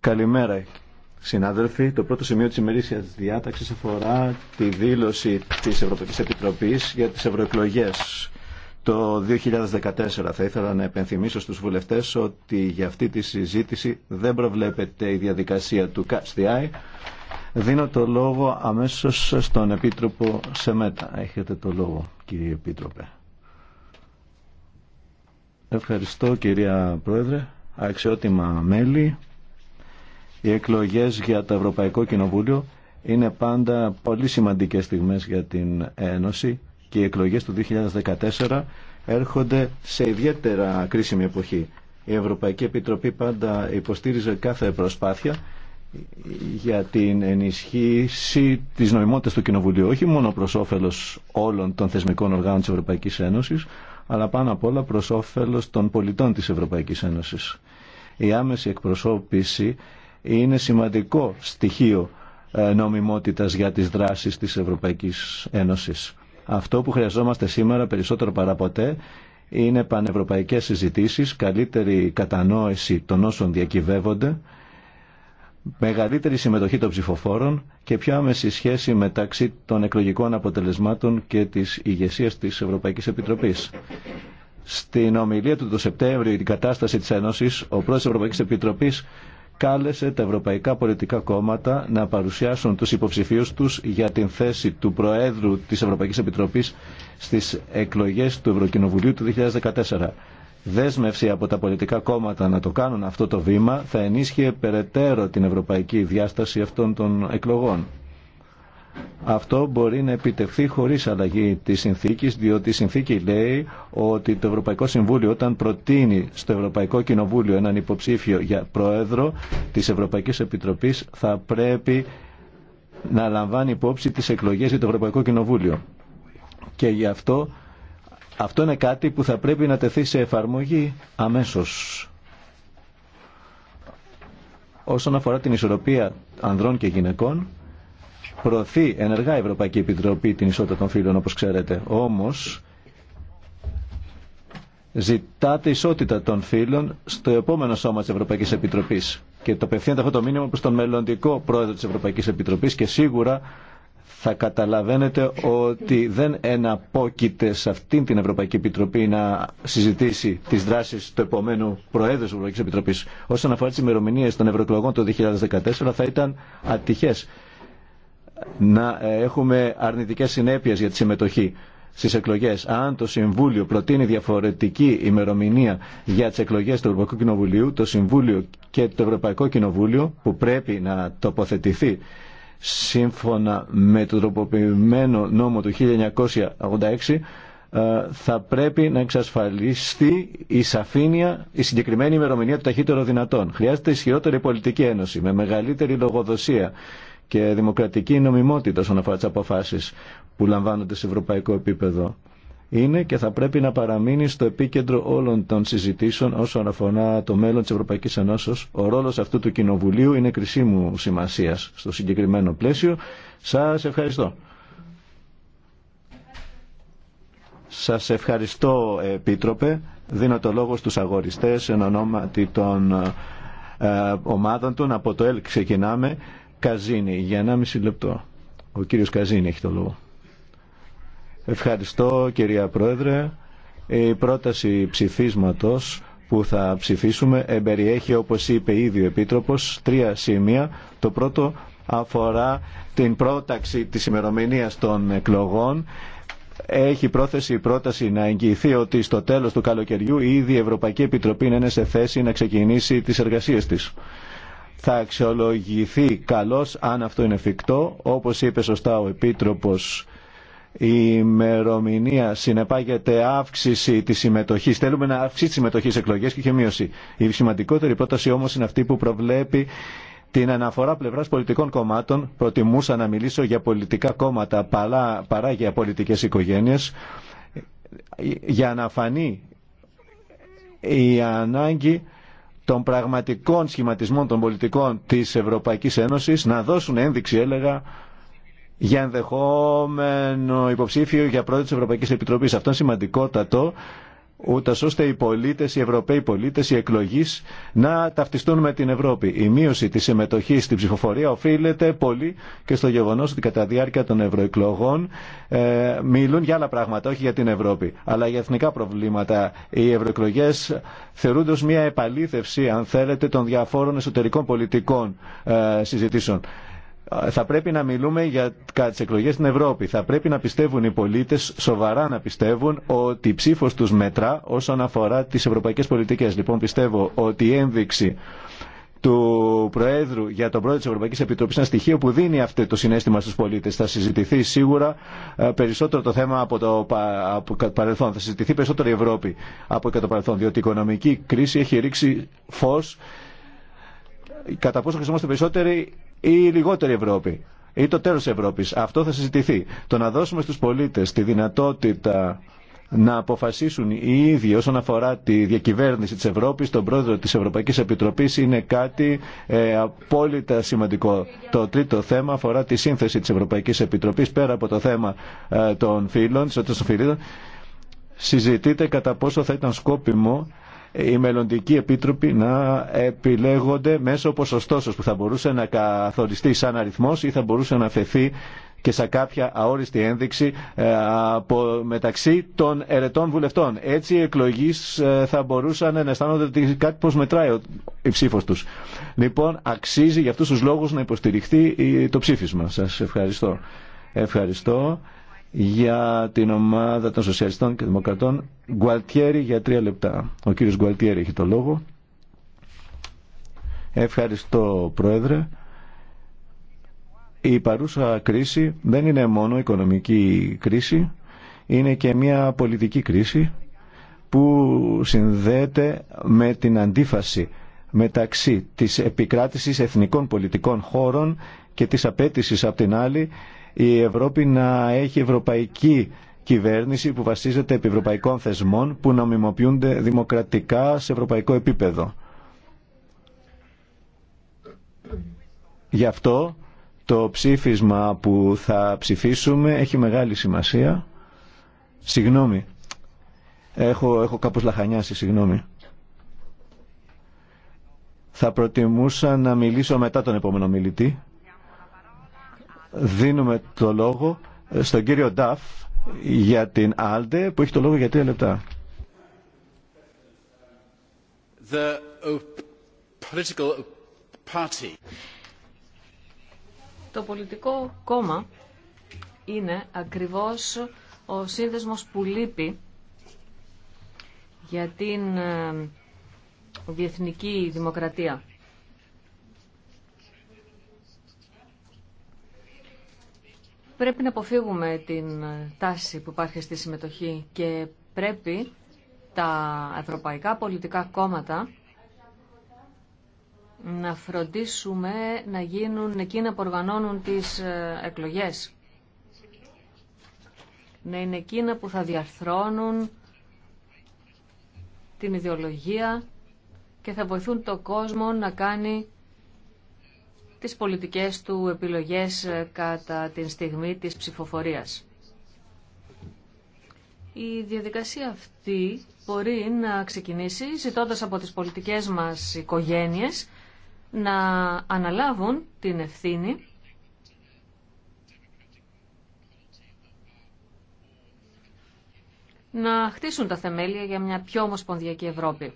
Καλημέρα συνάδελφοι. Το πρώτο σημείο της ημερήσιας διάταξης αφορά τη δήλωση της Ευρωπαϊκής Επιτροπής για τις ευρωεκλογέ το 2014. Θα ήθελα να επενθυμίσω στους βουλευτές ότι για αυτή τη συζήτηση δεν προβλέπεται η διαδικασία του Eye. Δίνω το λόγο αμέσως στον Επίτροπο Σεμέτα. Έχετε το λόγο κύριε Επίτροπε. Ευχαριστώ κυρία Πρόεδρε αξιότιμα μέλη, οι εκλογές για το Ευρωπαϊκό Κοινοβούλιο είναι πάντα πολύ σημαντικές στιγμές για την Ένωση και οι εκλογές του 2014 έρχονται σε ιδιαίτερα κρίσιμη εποχή. Η Ευρωπαϊκή Επιτροπή πάντα υποστήριζε κάθε προσπάθεια για την ενισχύση της νοημότητας του Κοινοβουλίου, όχι μόνο προς όφελος όλων των θεσμικών οργάνων της Ευρωπαϊκής Ένωσης, αλλά πάνω απ' όλα προς όφελος των πολιτών της Ευρωπαϊκής Ένωσης η άμεση εκπροσώπηση είναι σημαντικό στοιχείο ε, νομιμότητας για τις δράσεις της Ευρωπαϊκής Ένωσης. Αυτό που χρειαζόμαστε σήμερα περισσότερο παραποτέ είναι πανευρωπαϊκές συζητήσεις, καλύτερη κατανόηση των όσων διακυβεύονται, μεγαλύτερη συμμετοχή των ψηφοφόρων και πιο άμεση σχέση μεταξύ των εκλογικών αποτελεσμάτων και της ηγεσίας της Ευρωπαϊκής Επιτροπής. Στην ομιλία του το Σεπτέμβριο για την κατάσταση της Ένωσης, ο πρόεδρος της Ευρωπαϊκής Επιτροπής κάλεσε τα ευρωπαϊκά πολιτικά κόμματα να παρουσιάσουν τους υποψηφίους τους για την θέση του Προέδρου της Ευρωπαϊκής Επιτροπής στις εκλογές του Ευρωκοινοβουλίου του 2014. Δέσμευση από τα πολιτικά κόμματα να το κάνουν αυτό το βήμα θα ενίσχυε περαιτέρω την ευρωπαϊκή διάσταση αυτών των εκλογών. Αυτό μπορεί να επιτευχθεί χωρίς αλλαγή της συνθήκης, διότι η συνθήκη λέει ότι το Ευρωπαϊκό Συμβούλιο όταν προτείνει στο Ευρωπαϊκό Κοινοβούλιο έναν υποψήφιο για πρόεδρο της Ευρωπαϊκής Επιτροπής θα πρέπει να λαμβάνει υπόψη τις εκλογές για το Ευρωπαϊκό Κοινοβούλιο. Και γι' αυτό, αυτό είναι κάτι που θα πρέπει να τεθεί σε εφαρμογή αμέσως. Όσον αφορά την ισορροπία ανδρών και γυναικών, προωθεί ενεργά η Ευρωπαϊκή Επιτροπή την ισότητα των φύλων όπως ξέρετε. Όμως ζητάτε ισότητα των φύλων στο επόμενο σώμα της Ευρωπαϊκής Επιτροπής και το απευθύνεται αυτό το μήνυμα προς τον μελλοντικό πρόεδρο της Ευρωπαϊκής Επιτροπής και σίγουρα θα καταλαβαίνετε ότι δεν εναπόκειται σε αυτήν την Ευρωπαϊκή Επιτροπή να συζητήσει τι δράσει του επομένου Προέδρου τη Ευρωπαϊκή Επιτροπή. Όσον αφορά τι ημερομηνίε των ευρωεκλογών το 2014, θα ήταν ατυχέ να ε, έχουμε αρνητικές συνέπειες για τη συμμετοχή στις εκλογές. Αν το Συμβούλιο προτείνει διαφορετική ημερομηνία για τις εκλογές του Ευρωπαϊκού Κοινοβουλίου, το Συμβούλιο και το Ευρωπαϊκό Κοινοβούλιο που πρέπει να τοποθετηθεί σύμφωνα με το τροποποιημένο νόμο του 1986 ε, θα πρέπει να εξασφαλιστεί η σαφήνεια, η συγκεκριμένη ημερομηνία του ταχύτερο δυνατών. Χρειάζεται ισχυρότερη πολιτική ένωση με μεγαλύτερη λογοδοσία και δημοκρατική νομιμότητα στον αφορά τι αποφάσει που λαμβάνονται σε ευρωπαϊκό επίπεδο. Είναι και θα πρέπει να παραμείνει στο επίκεντρο όλων των συζητήσεων όσον αφορά το μέλλον τη Ευρωπαϊκή Ενώσεω. Ο ρόλο αυτού του Κοινοβουλίου είναι κρισίμου σημασία στο συγκεκριμένο πλαίσιο. Σα ευχαριστώ. Σας ευχαριστώ Επίτροπε. Δίνω το λόγο στους αγοριστέ εν ονόματι των ε, ομάδων των. Από το ΕΛ ξεκινάμε. Καζίνη για 1,5 λεπτό. Ο κύριος Καζίνη έχει το λόγο. Ευχαριστώ κυρία Πρόεδρε. Η πρόταση ψηφίσματος που θα ψηφίσουμε εμπεριέχει όπως είπε ήδη ο Επίτροπος τρία σημεία. Το πρώτο αφορά την πρόταξη της ημερομηνία των εκλογών. Έχει πρόθεση η πρόταση να εγγυηθεί ότι στο τέλος του καλοκαιριού ήδη η Ευρωπαϊκή Επιτροπή είναι σε θέση να ξεκινήσει τις εργασίες της θα αξιολογηθεί καλώς αν αυτό είναι εφικτό. Όπως είπε σωστά ο Επίτροπος, η ημερομηνία συνεπάγεται αύξηση της συμμετοχής. Θέλουμε να αυξήσει τη συμμετοχή σε εκλογές και μείωση. Η σημαντικότερη πρόταση όμως είναι αυτή που προβλέπει την αναφορά πλευράς πολιτικών κομμάτων. Προτιμούσα να μιλήσω για πολιτικά κόμματα παρά για πολιτικές οικογένειες για να φανεί η ανάγκη των πραγματικών σχηματισμών των πολιτικών της Ευρωπαϊκής Ένωσης να δώσουν ένδειξη, έλεγα, για ενδεχόμενο υποψήφιο για πρόεδρο της Ευρωπαϊκής Επιτροπής. Αυτό είναι σημαντικότατο ούτω ώστε οι πολίτε, οι Ευρωπαίοι πολίτε, οι εκλογεί να ταυτιστούν με την Ευρώπη. Η μείωση τη συμμετοχή στην ψηφοφορία οφείλεται πολύ και στο γεγονό ότι κατά διάρκεια των ευρωεκλογών ε, μιλούν για άλλα πράγματα, όχι για την Ευρώπη, αλλά για εθνικά προβλήματα. Οι ευρωεκλογέ θεωρούνται ω μια επαλήθευση, αν θέλετε, των διαφόρων εσωτερικών πολιτικών ε, συζητήσεων θα πρέπει να μιλούμε για τι εκλογέ στην Ευρώπη. Θα πρέπει να πιστεύουν οι πολίτε, σοβαρά να πιστεύουν, ότι η ψήφο του μετρά όσον αφορά τι ευρωπαϊκέ πολιτικέ. Λοιπόν, πιστεύω ότι η ένδειξη του Προέδρου για τον Πρόεδρο τη Ευρωπαϊκή Επιτροπή ένα στοιχείο που δίνει αυτό το συνέστημα στου πολίτε. Θα συζητηθεί σίγουρα ε, περισσότερο το θέμα από το παρελθόν. Θα συζητηθεί περισσότερο η Ευρώπη από το παρελθόν. Διότι η οικονομική κρίση έχει ρίξει φω. Κατά πόσο χρησιμοποιούμαστε περισσότεροι ή λιγότερη Ευρώπη ή το τέλος Ευρώπης. Αυτό θα συζητηθεί. Το να δώσουμε στους πολίτες τη δυνατότητα να αποφασίσουν οι ίδιοι όσον αφορά τη διακυβέρνηση της Ευρώπης, τον πρόεδρο της Ευρωπαϊκής Επιτροπής είναι κάτι ε, απόλυτα σημαντικό. Το τρίτο θέμα αφορά τη σύνθεση της Ευρωπαϊκής Επιτροπής πέρα από το θέμα ε, των φίλων, της των φίλων. κατά πόσο θα ήταν σκόπιμο οι μελλοντικοί επίτροποι να επιλέγονται μέσω ποσοστώσεως που θα μπορούσε να καθοριστεί σαν αριθμός ή θα μπορούσε να αφαιθεί και σε κάποια αόριστη ένδειξη ε, από, μεταξύ των ερετών βουλευτών. Έτσι οι εκλογείς ε, θα μπορούσαν να αισθάνονται ότι κάτι πως μετράει η ψήφο τους. Λοιπόν, αξίζει για αυτούς τους λόγους να υποστηριχθεί το ψήφισμα. Σας ευχαριστώ. Ευχαριστώ για την ομάδα των Σοσιαλιστών και Δημοκρατών. Γκουαλτιέρη για τρία λεπτά. Ο κύριος Γκουαλτιέρη έχει το λόγο. Ευχαριστώ Πρόεδρε. Η παρούσα κρίση δεν είναι μόνο οικονομική κρίση, είναι και μια πολιτική κρίση που συνδέεται με την αντίφαση μεταξύ της επικράτησης εθνικών πολιτικών χώρων και της απέτησης από την άλλη η Ευρώπη να έχει ευρωπαϊκή κυβέρνηση που βασίζεται επί ευρωπαϊκών θεσμών που νομιμοποιούνται δημοκρατικά σε ευρωπαϊκό επίπεδο. Γι' αυτό το ψήφισμα που θα ψηφίσουμε έχει μεγάλη σημασία. Συγγνώμη. Έχω, έχω κάπως λαχανιάσει, συγγνώμη. Θα προτιμούσα να μιλήσω μετά τον επόμενο μιλητή. Δίνουμε το λόγο ε, στον κύριο Νταφ για την Άλντε που έχει το λόγο για τρία λεπτά. Uh, το πολιτικό κόμμα είναι ακριβώς ο σύνδεσμος που λείπει για την ε, διεθνική δημοκρατία. Πρέπει να αποφύγουμε την τάση που υπάρχει στη συμμετοχή και πρέπει τα ευρωπαϊκά πολιτικά κόμματα να φροντίσουμε να γίνουν εκείνα που οργανώνουν τις ε, εκλογές. Να είναι εκείνα που θα διαρθρώνουν την ιδεολογία και θα βοηθούν το κόσμο να κάνει τις πολιτικές του επιλογές ε, κατά την στιγμή της ψηφοφορίας. Η διαδικασία αυτή μπορεί να ξεκινήσει ζητώντας από τις πολιτικές μας οικογένειες να αναλάβουν την ευθύνη να χτίσουν τα θεμέλια για μια πιο ομοσπονδιακή Ευρώπη.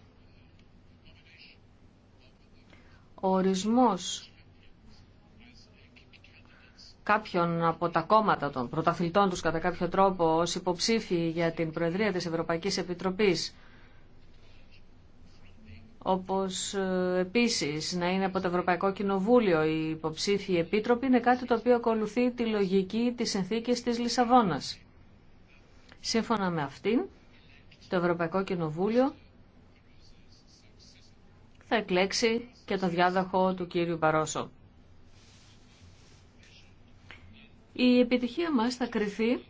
Ο ορισμός κάποιον από τα κόμματα των πρωταθλητών τους κατά κάποιο τρόπο ως υποψήφιοι για την Προεδρία της Ευρωπαϊκής Επιτροπής όπως ε, επίσης να είναι από το Ευρωπαϊκό Κοινοβούλιο οι υποψήφιοι επίτροποι είναι κάτι το οποίο ακολουθεί τη λογική της συνθήκης της Λισαβόνας. Σύμφωνα με αυτήν, το Ευρωπαϊκό Κοινοβούλιο θα εκλέξει και το διάδοχο του κύριου Παρόσο. Η επιτυχία μας θα κρυθεί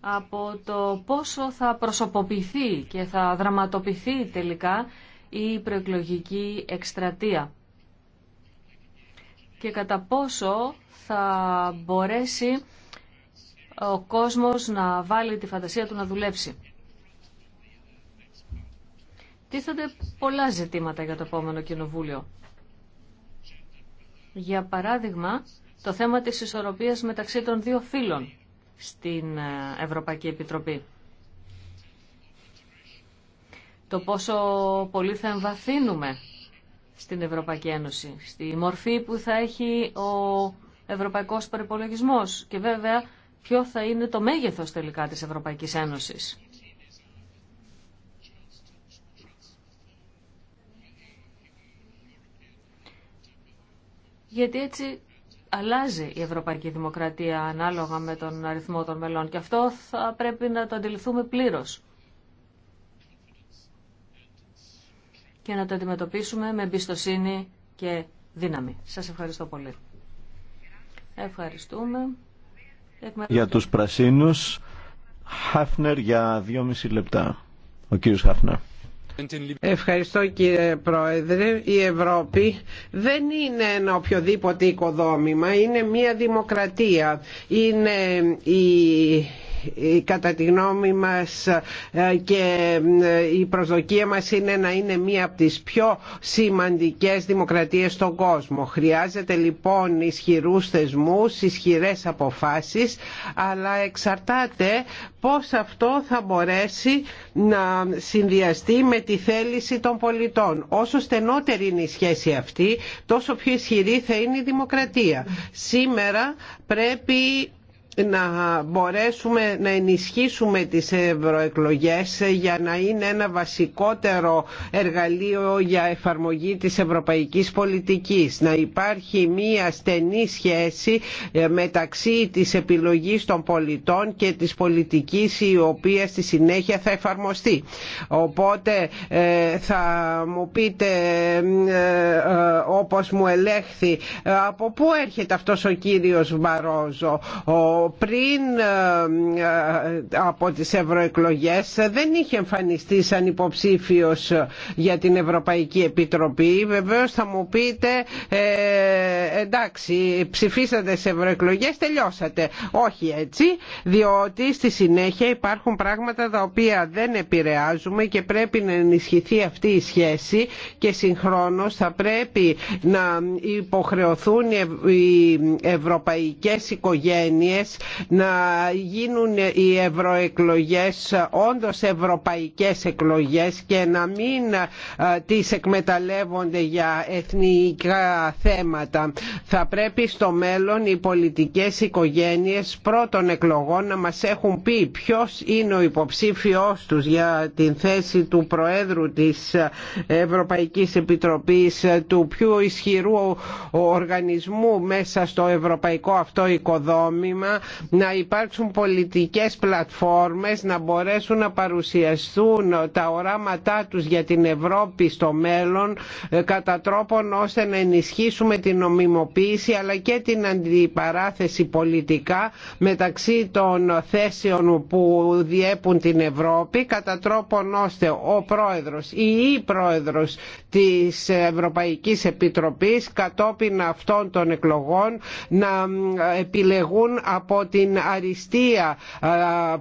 από το πόσο θα προσωποποιηθεί και θα δραματοποιηθεί τελικά η προεκλογική εκστρατεία και κατά πόσο θα μπορέσει ο κόσμος να βάλει τη φαντασία του να δουλέψει. Τίθονται πολλά ζητήματα για το επόμενο κοινοβούλιο. Για παράδειγμα, το θέμα της ισορροπίας μεταξύ των δύο φύλων στην ε, Ευρωπαϊκή Επιτροπή. Το πόσο πολύ θα εμβαθύνουμε στην Ευρωπαϊκή Ένωση, στη μορφή που θα έχει ο ευρωπαϊκός προπολογισμό και βέβαια ποιο θα είναι το μέγεθος τελικά της Ευρωπαϊκής Ένωσης. Γιατί έτσι αλλάζει η ευρωπαϊκή δημοκρατία ανάλογα με τον αριθμό των μελών και αυτό θα πρέπει να το αντιληφθούμε πλήρως και να το αντιμετωπίσουμε με εμπιστοσύνη και δύναμη. Σας ευχαριστώ πολύ. Ευχαριστούμε. Για τους πρασίνους, Χάφνερ για μισή λεπτά. Ο κύριος Χάφνερ. Ευχαριστώ κύριε Πρόεδρε. Η Ευρώπη δεν είναι ένα οποιοδήποτε οικοδόμημα, είναι μια δημοκρατία. Είναι η κατά τη γνώμη μας ε, και ε, η προσδοκία μας είναι να είναι μία από τις πιο σημαντικές δημοκρατίες στον κόσμο. Χρειάζεται λοιπόν ισχυρούς θεσμούς, ισχυρές αποφάσεις, αλλά εξαρτάται πώς αυτό θα μπορέσει να συνδυαστεί με τη θέληση των πολιτών. Όσο στενότερη είναι η σχέση αυτή, τόσο πιο ισχυρή θα είναι η δημοκρατία. Σήμερα πρέπει να μπορέσουμε να ενισχύσουμε τις ευρωεκλογές για να είναι ένα βασικότερο εργαλείο για εφαρμογή της ευρωπαϊκής πολιτικής. Να υπάρχει μία στενή σχέση ε, μεταξύ της επιλογής των πολιτών και της πολιτικής η οποία στη συνέχεια θα εφαρμοστεί. Οπότε ε, θα μου πείτε ε, όπως μου ελέγχθη από πού έρχεται αυτός ο κύριος Μπαρόζο πριν ε, ε, από τις ευρωεκλογές δεν είχε εμφανιστεί σαν υποψήφιος για την Ευρωπαϊκή Επιτροπή. Βεβαίως θα μου πείτε ε, εντάξει ψηφίσατε σε ευρωεκλογές τελειώσατε. Όχι έτσι διότι στη συνέχεια υπάρχουν πράγματα τα οποία δεν επηρεάζουμε και πρέπει να ενισχυθεί αυτή η σχέση και συγχρόνως θα πρέπει να υποχρεωθούν οι ευρωπαϊκές οικογένειες να γίνουν οι ευρωεκλογές όντως ευρωπαϊκές εκλογές και να μην ε, τις εκμεταλλεύονται για εθνικά θέματα. Θα πρέπει στο μέλλον οι πολιτικές οικογένειες πρώτων εκλογών να μας έχουν πει ποιος είναι ο υποψήφιός τους για την θέση του Προέδρου της Ευρωπαϊκής Επιτροπής του πιο ισχυρού οργανισμού μέσα στο ευρωπαϊκό αυτό οικοδόμημα να υπάρξουν πολιτικές πλατφόρμες να μπορέσουν να παρουσιαστούν τα οράματά τους για την Ευρώπη στο μέλλον ε, κατά τρόπον ώστε να ενισχύσουμε την νομιμοποίηση αλλά και την αντιπαράθεση πολιτικά μεταξύ των θέσεων που διέπουν την Ευρώπη κατά τρόπον ώστε ο πρόεδρος ή η πρόεδρος της Ευρωπαϊκής Επιτροπής κατόπιν αυτών των εκλογών να ε, επιλεγούν από από την αριστεία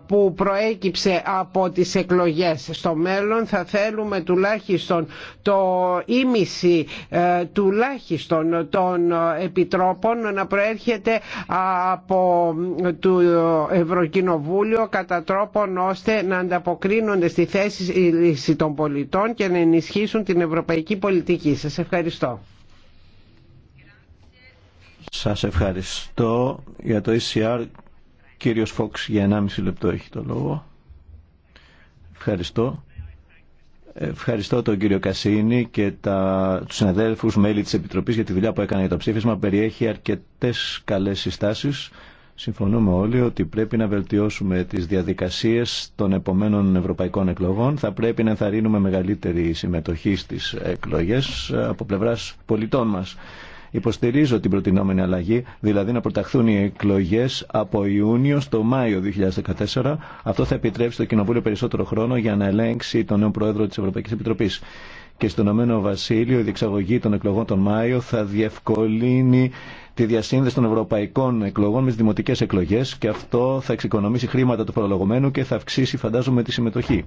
που προέκυψε από τις εκλογές. Στο μέλλον θα θέλουμε τουλάχιστον το ίμιση ε, τουλάχιστον των επιτρόπων να προέρχεται από το Ευρωκοινοβούλιο κατά τρόπον ώστε να ανταποκρίνονται στη θέση ε, των πολιτών και να ενισχύσουν την ευρωπαϊκή πολιτική. Σας ευχαριστώ. Σας ευχαριστώ για το ECR. Κύριος Φόξ για 1,5 λεπτό έχει το λόγο. Ευχαριστώ. Ευχαριστώ τον κύριο Κασίνη και τα, τους συναδέλφους μέλη της Επιτροπής για τη δουλειά που έκανε για το ψήφισμα. Περιέχει αρκετές καλές συστάσεις. Συμφωνούμε όλοι ότι πρέπει να βελτιώσουμε τις διαδικασίες των επομένων ευρωπαϊκών εκλογών. Θα πρέπει να ενθαρρύνουμε μεγαλύτερη συμμετοχή στις εκλογές από πλευράς πολιτών μας. Υποστηρίζω την προτινόμενη αλλαγή, δηλαδή να προταχθούν οι εκλογέ από Ιούνιο στο Μάιο 2014. Αυτό θα επιτρέψει το Κοινοβούλιο περισσότερο χρόνο για να ελέγξει τον νέο Πρόεδρο τη Ευρωπαϊκή Επιτροπή. Και στον Ηνωμένο Βασίλειο η διεξαγωγή των εκλογών τον Μάιο θα διευκολύνει τη διασύνδεση των ευρωπαϊκών εκλογών με τι δημοτικέ εκλογέ και αυτό θα εξοικονομήσει χρήματα του προλογωμένου και θα αυξήσει, φαντάζομαι, τη συμμετοχή.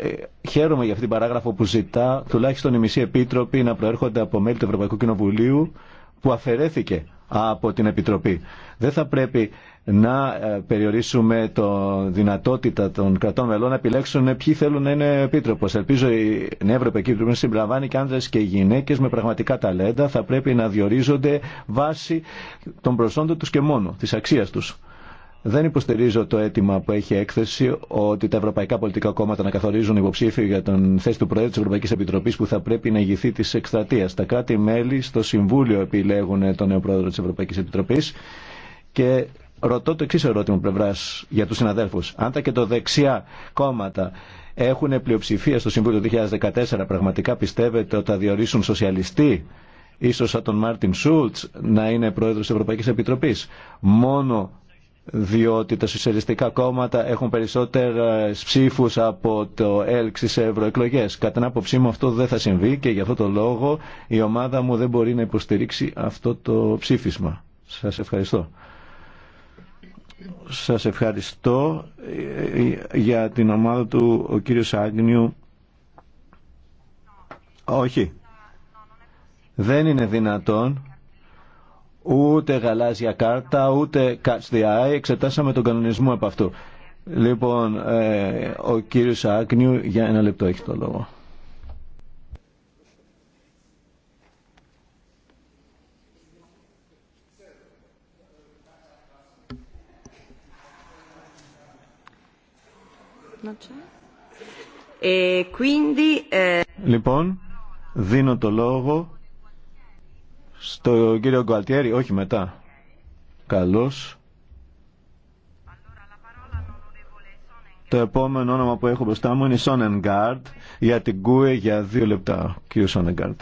Ε, χαίρομαι για αυτήν την παράγραφο που ζητά τουλάχιστον οι μισή επίτροποι να προέρχονται από μέλη του Ευρωπαϊκού Κοινοβουλίου που αφαιρέθηκε από την Επιτροπή. Δεν θα πρέπει να ε, περιορίσουμε το δυνατότητα των κρατών μελών να επιλέξουν ποιοι θέλουν να είναι επίτροπο. Ελπίζω η Νέα Ευρωπαϊκή Επιτροπή να και άνδρε και γυναίκε με πραγματικά ταλέντα. Θα πρέπει να διορίζονται βάσει των προσόντων του και μόνο, τη αξία του. Δεν υποστηρίζω το αίτημα που έχει έκθεση ότι τα ευρωπαϊκά πολιτικά κόμματα να καθορίζουν υποψήφιο για τον θέση του Προέδρου τη Ευρωπαϊκή Επιτροπή που θα πρέπει να ηγηθεί τη εκστρατεία. Τα κράτη-μέλη στο Συμβούλιο επιλέγουν τον νέο Πρόεδρο τη Ευρωπαϊκή Επιτροπή και ρωτώ το εξή ερώτημα πλευρά για του συναδέλφου. Αν τα και το δεξιά κόμματα έχουν πλειοψηφία στο Συμβούλιο 2014, πραγματικά πιστεύετε ότι θα διορίσουν σοσιαλιστή ίσως σαν τον Μάρτιν Σούλτς να είναι πρόεδρος της Ευρωπαϊκής Επιτροπής. Μόνο διότι τα σοσιαλιστικά κόμματα έχουν περισσότερες ψήφους από το ΕΛΚ σε ευρωεκλογέ. Κατά την άποψή μου αυτό δεν θα συμβεί και γι' αυτό το λόγο η ομάδα μου δεν μπορεί να υποστηρίξει αυτό το ψήφισμα. Σας ευχαριστώ. Σας ευχαριστώ ε, ε, για την ομάδα του ο κύριο Άγνιου. Όχι. Δεν είναι δυνατόν ούτε γαλάζια κάρτα, ούτε catch the eye. Εξετάσαμε τον κανονισμό από αυτού. Λοιπόν, ε, ο κύριος Άκνιου για ένα λεπτό έχει το λόγο. Ε, ε, λοιπόν, δίνω το λόγο στο κύριο Γκουαλτιέρη, όχι μετά. Καλώς. Το επόμενο όνομα που έχω μπροστά μου είναι Σόνενγκάρτ για την ΚΟΥΕ για δύο λεπτά. Κύριο Σόνενγκάρτ.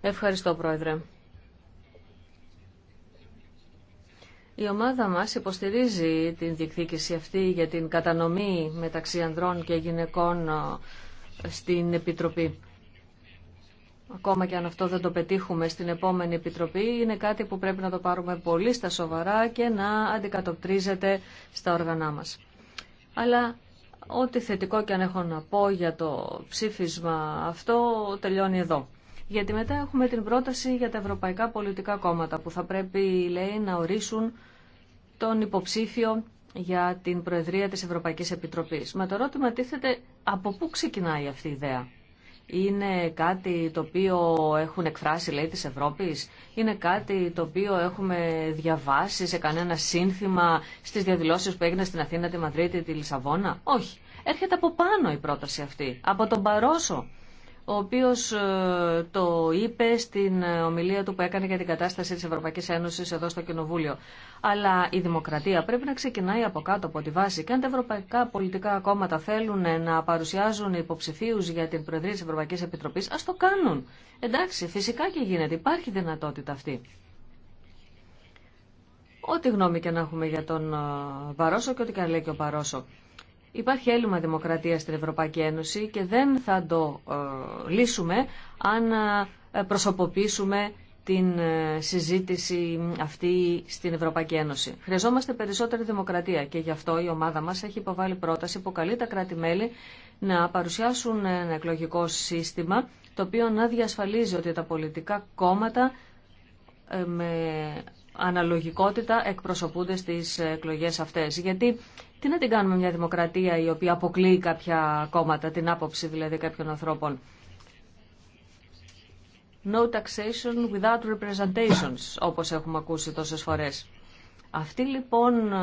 Ευχαριστώ Πρόεδρε. Η ομάδα μας υποστηρίζει την διεκδίκηση αυτή για την κατανομή μεταξύ ανδρών και γυναικών ε, στην Επιτροπή ακόμα και αν αυτό δεν το πετύχουμε στην επόμενη Επιτροπή, είναι κάτι που πρέπει να το πάρουμε πολύ στα σοβαρά και να αντικατοπτρίζεται στα όργανά μας. Αλλά ό,τι θετικό και αν έχω να πω για το ψήφισμα αυτό τελειώνει εδώ. Γιατί μετά έχουμε την πρόταση για τα ευρωπαϊκά πολιτικά κόμματα που θα πρέπει, λέει, να ορίσουν τον υποψήφιο για την Προεδρία της Ευρωπαϊκής Επιτροπής. Με το ερώτημα τίθεται από πού ξεκινάει αυτή η ιδέα είναι κάτι το οποίο έχουν εκφράσει λέει της Ευρώπης, είναι κάτι το οποίο έχουμε διαβάσει σε κανένα σύνθημα στις διαδηλώσεις που έγιναν στην Αθήνα, τη Μαδρίτη, τη Λισαβόνα. Όχι. Έρχεται από πάνω η πρόταση αυτή, από τον Παρόσο ο οποίος ε, το είπε στην ομιλία του που έκανε για την κατάσταση τη Ευρωπαϊκή Ένωση εδώ στο Κοινοβούλιο. Αλλά η δημοκρατία πρέπει να ξεκινάει από κάτω, από τη βάση. Και αν τα ευρωπαϊκά πολιτικά κόμματα θέλουν να παρουσιάζουν υποψηφίου για την Προεδρία τη Ευρωπαϊκή Επιτροπής, α το κάνουν. Εντάξει, φυσικά και γίνεται. Υπάρχει δυνατότητα αυτή. Ό,τι γνώμη και να έχουμε για τον Παρόσο ε, και ό,τι και λέει και ο Παρόσο. Υπάρχει έλλειμμα δημοκρατία στην Ευρωπαϊκή Ένωση και δεν θα το ε, λύσουμε αν ε, προσωποποιήσουμε την ε, συζήτηση αυτή στην Ευρωπαϊκή Ένωση. Χρειαζόμαστε περισσότερη δημοκρατία και γι' αυτό η ομάδα μας έχει υποβάλει πρόταση που καλεί τα κράτη-μέλη να παρουσιάσουν ένα εκλογικό σύστημα το οποίο να διασφαλίζει ότι τα πολιτικά κόμματα με αναλογικότητα εκπροσωπούνται στις εκλογές αυτές. Γιατί τι να την κάνουμε μια δημοκρατία η οποία αποκλείει κάποια κόμματα, την άποψη δηλαδή κάποιων ανθρώπων. No taxation without representations, όπως έχουμε ακούσει τόσες φορές. Αυτή λοιπόν ε,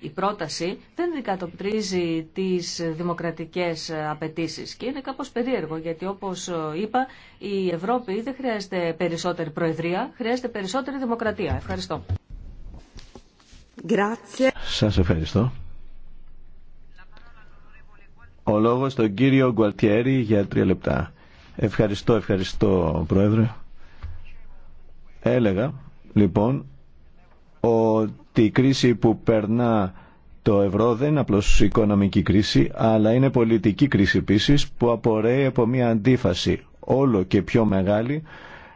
η πρόταση δεν δικατοπτρίζει τις δημοκρατικές ε, απαιτήσεις και είναι κάπως περίεργο γιατί όπως ε, είπα η Ευρώπη δεν χρειάζεται περισσότερη προεδρία, χρειάζεται περισσότερη δημοκρατία. Ευχαριστώ. Σας ευχαριστώ. Ο λόγος στον κύριο Γκουαλτιέρη για τρία λεπτά. Ευχαριστώ, ευχαριστώ Πρόεδρε. Έλεγα, λοιπόν, ότι η κρίση που περνά το ευρώ δεν είναι απλώς οικονομική κρίση, αλλά είναι πολιτική κρίση επίση που απορρέει από μια αντίφαση όλο και πιο μεγάλη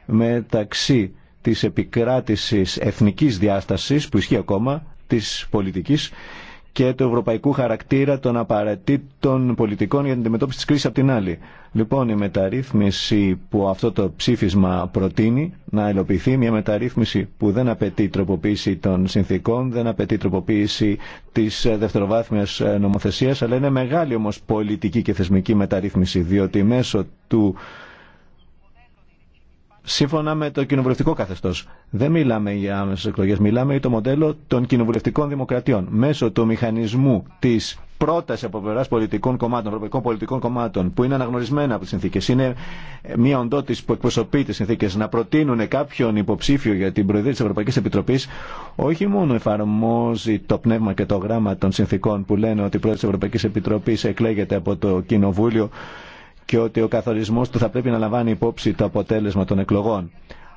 μεταξύ της επικράτησης εθνικής διάστασης που ισχύει ακόμα της πολιτικής και του ευρωπαϊκού χαρακτήρα των απαραίτητων πολιτικών για την αντιμετώπιση της κρίσης από την άλλη. Λοιπόν, η μεταρρύθμιση που αυτό το ψήφισμα προτείνει να ελοπιθεί μια μεταρρύθμιση που δεν απαιτεί τροποποίηση των συνθήκων, δεν απαιτεί τροποποίηση της δευτεροβάθμιας νομοθεσίας, αλλά είναι μεγάλη όμως πολιτική και θεσμική μεταρρύθμιση, διότι μέσω του σύμφωνα με το κοινοβουλευτικό καθεστώ. Δεν μιλάμε για άμεσε εκλογέ, μιλάμε για το μοντέλο των κοινοβουλευτικών δημοκρατιών. Μέσω του μηχανισμού τη πρόταση από πλευρά πολιτικών κομμάτων, ευρωπαϊκών πολιτικών κομμάτων, που είναι αναγνωρισμένα από τι συνθήκε, είναι μια οντότη που εκπροσωπεί τι συνθήκε, να προτείνουν κάποιον υποψήφιο για την Προεδρία τη Ευρωπαϊκή Επιτροπή, όχι μόνο εφαρμόζει το πνεύμα και το γράμμα των συνθήκων που λένε ότι η Πρόεδρο τη Ευρωπαϊκή Επιτροπή εκλέγεται από το Κοινοβούλιο και ότι ο καθορισμός του θα πρέπει να λαμβάνει υπόψη το αποτέλεσμα των εκλογών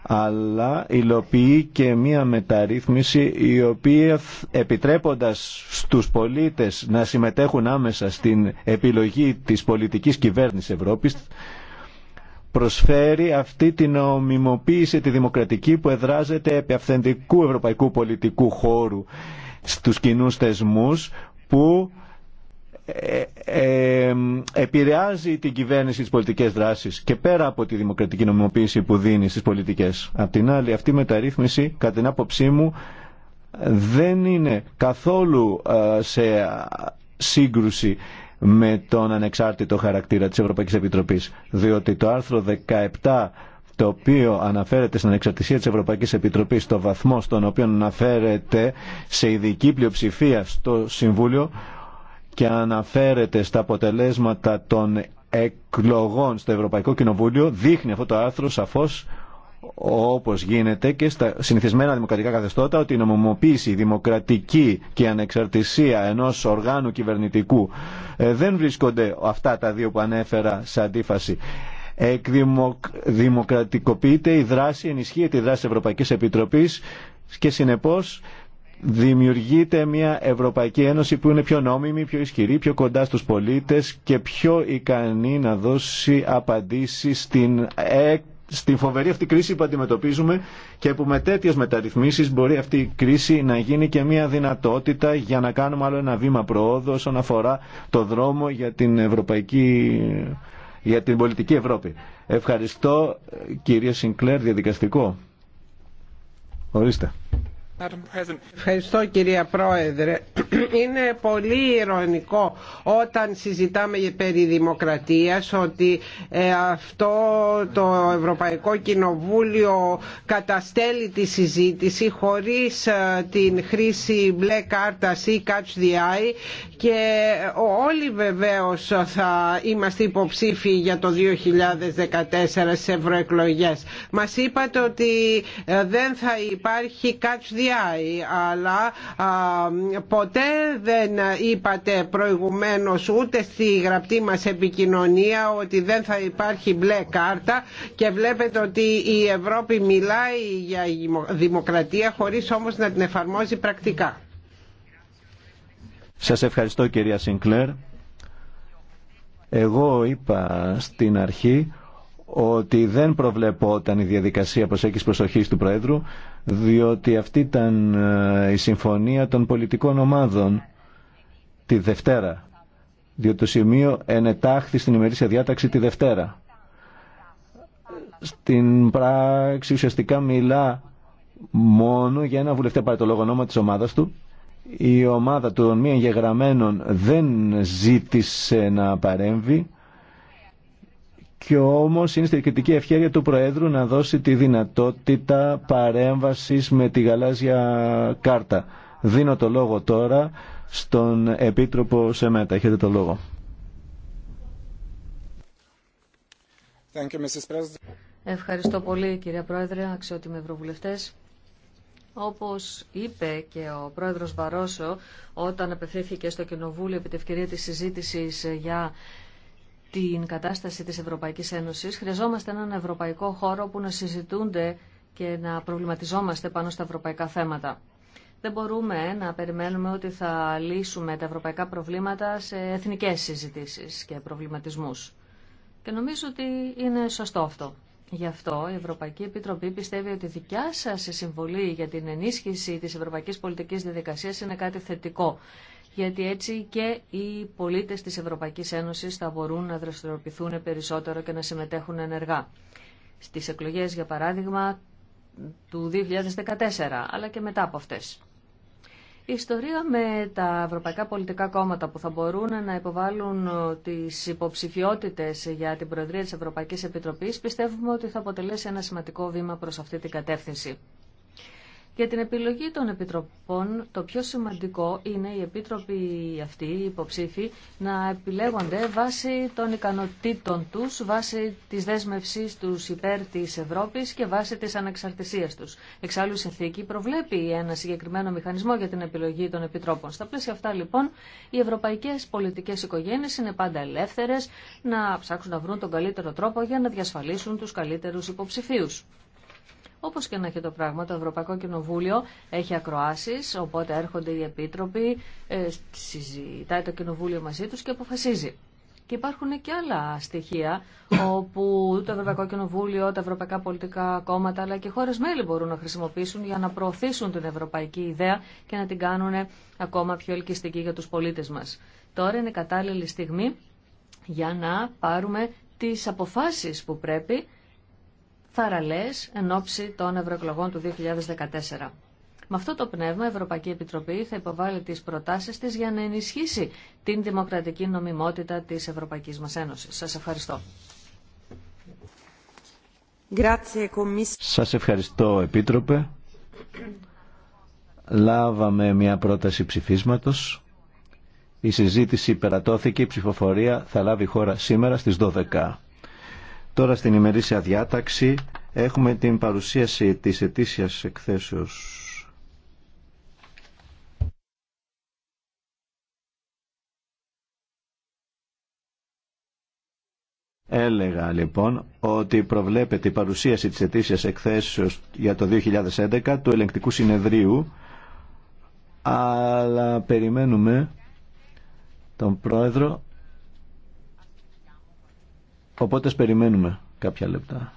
αλλά υλοποιεί και μία μεταρρύθμιση η οποία επιτρέποντας στους πολίτες να συμμετέχουν άμεσα στην επιλογή της πολιτικής κυβέρνησης Ευρώπης προσφέρει αυτή την ομιμοποίηση τη δημοκρατική που εδράζεται επί αυθεντικού ευρωπαϊκού πολιτικού χώρου στους κοινούς θεσμούς που ε, ε, επηρεάζει την κυβέρνηση τις πολιτικές δράσεις και πέρα από τη δημοκρατική νομιμοποίηση που δίνει στις πολιτικές. Απ' την άλλη αυτή η μεταρρύθμιση κατά την άποψή μου δεν είναι καθόλου ε, σε σύγκρουση με τον ανεξάρτητο χαρακτήρα της Ευρωπαϊκής Επιτροπής διότι το άρθρο 17 το οποίο αναφέρεται στην ανεξαρτησία της Ευρωπαϊκής Επιτροπής το βαθμό στον οποίο αναφέρεται σε ειδική πλειοψηφία στο Συμβούλιο και αναφέρεται στα αποτελέσματα των εκλογών στο Ευρωπαϊκό Κοινοβούλιο δείχνει αυτό το άρθρο σαφώς όπως γίνεται και στα συνηθισμένα δημοκρατικά καθεστώτα ότι η νομιμοποίηση, η δημοκρατική και η ανεξαρτησία ενός οργάνου κυβερνητικού ε, δεν βρίσκονται αυτά τα δύο που ανέφερα σε αντίφαση. Εκδημοκρατικοποιείται η δράση, ενισχύεται η δράση της Ευρωπαϊκής Επιτροπής και συνεπώς δημιουργείται μια Ευρωπαϊκή Ένωση που είναι πιο νόμιμη, πιο ισχυρή, πιο κοντά στους πολίτες και πιο ικανή να δώσει απαντήσεις στην, στην φοβερή αυτή κρίση που αντιμετωπίζουμε και που με τέτοιε μεταρρυθμίσεις μπορεί αυτή η κρίση να γίνει και μια δυνατότητα για να κάνουμε άλλο ένα βήμα προόδου όσον αφορά το δρόμο για την Ευρωπαϊκή για την πολιτική Ευρώπη. Ευχαριστώ κύριε Σιγκλέρ, διαδικαστικό. Ορίστε. Ευχαριστώ κυρία Πρόεδρε. Είναι πολύ ηρωνικό όταν συζητάμε περί δημοκρατίας ότι ε, αυτό το Ευρωπαϊκό Κοινοβούλιο καταστέλει τη συζήτηση χωρίς ε, την χρήση μπλε κάρτας ή catch the eye και όλοι βεβαίως θα είμαστε υποψήφοι για το 2014 σε ευρωεκλογές. Μας είπατε ότι ε, δεν θα υπάρχει catch the αλλά ποτέ δεν είπατε προηγουμένως ούτε στη γραπτή μας επικοινωνία ότι δεν θα υπάρχει μπλε κάρτα και βλέπετε ότι η Ευρώπη μιλάει για δημοκρατία χωρίς όμως να την εφαρμόζει πρακτικά. Σας ευχαριστώ κυρία Σινκλέρ. Εγώ είπα στην αρχή ότι δεν προβλεπόταν η διαδικασία προσέγγισης προσοχής του Προέδρου διότι αυτή ήταν ε, η συμφωνία των πολιτικών ομάδων τη Δευτέρα, διότι το σημείο ενετάχθη στην ημερήσια διάταξη τη Δευτέρα. Στην πράξη ουσιαστικά μιλά μόνο για ένα βουλευτή πάρει το λόγο της ομάδας του. Η ομάδα των μη εγγεγραμμένων δεν ζήτησε να παρέμβει και όμως είναι στη διοικητική ευχαίρεια του Προέδρου να δώσει τη δυνατότητα παρέμβασης με τη γαλάζια κάρτα. Δίνω το λόγο τώρα στον Επίτροπο Σεμέτα. Έχετε το λόγο. Ευχαριστώ πολύ κυρία Πρόεδρε, αξιότιμοι ευρωβουλευτές. Όπως είπε και ο πρόεδρος Βαρόσο όταν απευθύνθηκε στο Κοινοβούλιο επί τη ευκαιρία της συζήτησης για την κατάσταση της Ευρωπαϊκής Ένωσης, χρειαζόμαστε έναν ευρωπαϊκό χώρο που να συζητούνται και να προβληματιζόμαστε πάνω στα ευρωπαϊκά θέματα. Δεν μπορούμε να περιμένουμε ότι θα λύσουμε τα ευρωπαϊκά προβλήματα σε εθνικές συζητήσεις και προβληματισμούς. Και νομίζω ότι είναι σωστό αυτό. Γι' αυτό η Ευρωπαϊκή Επιτροπή πιστεύει ότι η δικιά σας συμβολή για την ενίσχυση της ευρωπαϊκής πολιτικής διαδικασίας είναι κάτι θετικό γιατί έτσι και οι πολίτες της Ευρωπαϊκής Ένωσης θα μπορούν να δραστηριοποιηθούν περισσότερο και να συμμετέχουν ενεργά. Στις εκλογές, για παράδειγμα, του 2014, αλλά και μετά από αυτές. Η ιστορία με τα ευρωπαϊκά πολιτικά κόμματα που θα μπορούν να υποβάλουν ε, τις υποψηφιότητες για την Προεδρία της Ευρωπαϊκής Επιτροπής πιστεύουμε ότι θα αποτελέσει ένα σημαντικό βήμα προς αυτή την κατεύθυνση. Για την επιλογή των επιτροπών, το πιο σημαντικό είναι οι επίτροποι αυτοί, οι υποψήφοι, να επιλέγονται βάσει των ικανοτήτων τους, βάσει της δέσμευσής τους υπέρ της Ευρώπης και βάσει της ανεξαρτησία τους. Εξάλλου η συνθήκη προβλέπει ένα συγκεκριμένο μηχανισμό για την επιλογή των επιτρόπων. Στα πλαίσια αυτά λοιπόν, οι ευρωπαϊκές πολιτικές οικογένειες είναι πάντα ελεύθερες να ψάξουν να βρουν τον καλύτερο τρόπο για να διασφαλίσουν τους καλύτερους υποψηφίους. Όπω και να έχει το πράγμα, το Ευρωπαϊκό Κοινοβούλιο έχει ακροάσει, οπότε έρχονται οι επίτροποι, ε, συζητάει το Κοινοβούλιο μαζί του και αποφασίζει. Και υπάρχουν και άλλα στοιχεία όπου το Ευρωπαϊκό Κοινοβούλιο, τα ευρωπαϊκά πολιτικά κόμματα αλλά και χώρε μέλη μπορούν να χρησιμοποιήσουν για να προωθήσουν την ευρωπαϊκή ιδέα και να την κάνουν ακόμα πιο ελκυστική για του πολίτε μα. Τώρα είναι κατάλληλη στιγμή για να πάρουμε τις αποφάσεις που πρέπει θαραλές εν ώψη των ευρωεκλογών του 2014. Με αυτό το πνεύμα η Ευρωπαϊκή Επιτροπή θα υποβάλει τις προτάσεις της για να ενισχύσει την δημοκρατική νομιμότητα της Ευρωπαϊκής μας Ένωσης. Σας ευχαριστώ. Σας ευχαριστώ Επίτροπε. Λάβαμε μια πρόταση ψηφίσματος. Η συζήτηση περατώθηκε, η ψηφοφορία θα λάβει χώρα σήμερα στις 12. Τώρα στην ημερήσια διάταξη έχουμε την παρουσίαση της ετήσιας εκθέσεως. Έλεγα λοιπόν ότι προβλέπεται η παρουσίαση της ετήσιας εκθέσεως για το 2011 του ελεγκτικού συνεδρίου αλλά περιμένουμε τον πρόεδρο Οπότε περιμένουμε κάποια λεπτά.